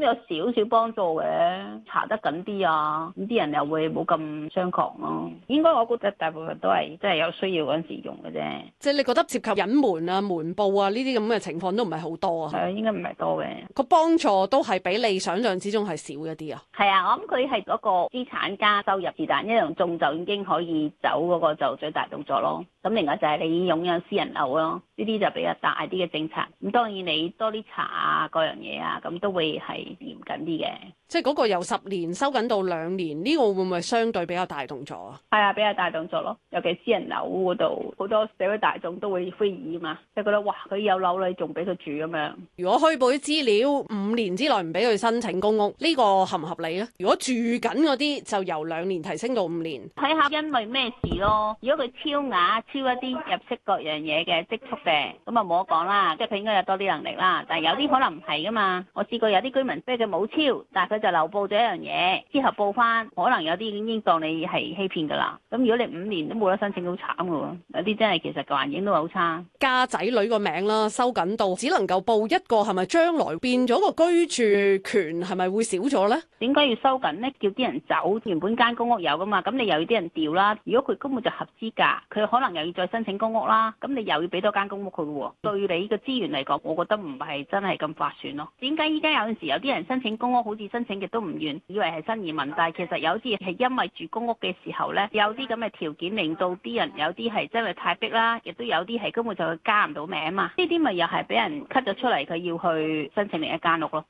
都有少少幫助嘅，查得緊啲啊，咁啲人又會冇咁猖狂咯。應該我覺得大部分都係真係有需要嗰陣時用嘅啫。即係你覺得涉及隱瞞啊、瞞報啊呢啲咁嘅情況都唔係好多啊？係啊，應該唔係多嘅。個幫助都係比你想象之中係少一啲啊。係啊，我諗佢係嗰個資產加收入，是但一樣中就已經可以走嗰個就最大動作咯。咁另外就係你擁有私人樓咯，呢啲就比較大啲嘅政策。咁當然你多啲查啊，各樣嘢啊，咁都會係。嚴謹啲嘅，即係嗰個由十年收緊到兩年，呢個會唔會相對比較大動作啊？係啊，比較大動作咯，尤其私人樓嗰度好多社會大眾都會非議吖嘛，即係覺得哇，佢有樓啦，你仲俾佢住咁樣。如果虛報資料五年之內唔俾佢申請公屋，呢個合唔合理咧？如果住緊嗰啲就由兩年提升到五年，睇下因為咩事咯。如果佢超額超一啲入息各樣嘢嘅積蓄嘅，咁啊冇得講啦，即係佢應該有多啲能力啦。但係有啲可能唔係噶嘛，我試過有啲居民。即係佢冇超，但係佢就漏報咗一樣嘢，之後報翻，可能有啲已經當你係欺騙㗎啦。咁如果你五年都冇得申請，好慘噶喎。有啲真係其實個環境都好差。家仔女個名啦，收緊到，只能夠報一個，係咪將來變咗個居住權係咪會少咗咧？點解要收緊呢？叫啲人走，原本間公屋有噶嘛，咁你又要啲人調啦。如果佢根本就合資格，佢可能又要再申請公屋啦，咁你又要俾多間公屋佢喎。對你個資源嚟講，我覺得唔係真係咁划算咯。點解依家有陣時有啲？啲人申請公屋好似申請嘅都唔願，以為係新移民，但其實有啲係因為住公屋嘅時候呢，有啲咁嘅條件令到啲人有啲係真係太逼啦，亦都有啲係根本就加唔到名嘛，呢啲咪又係俾人 cut 咗出嚟，佢要去申請另一間屋咯。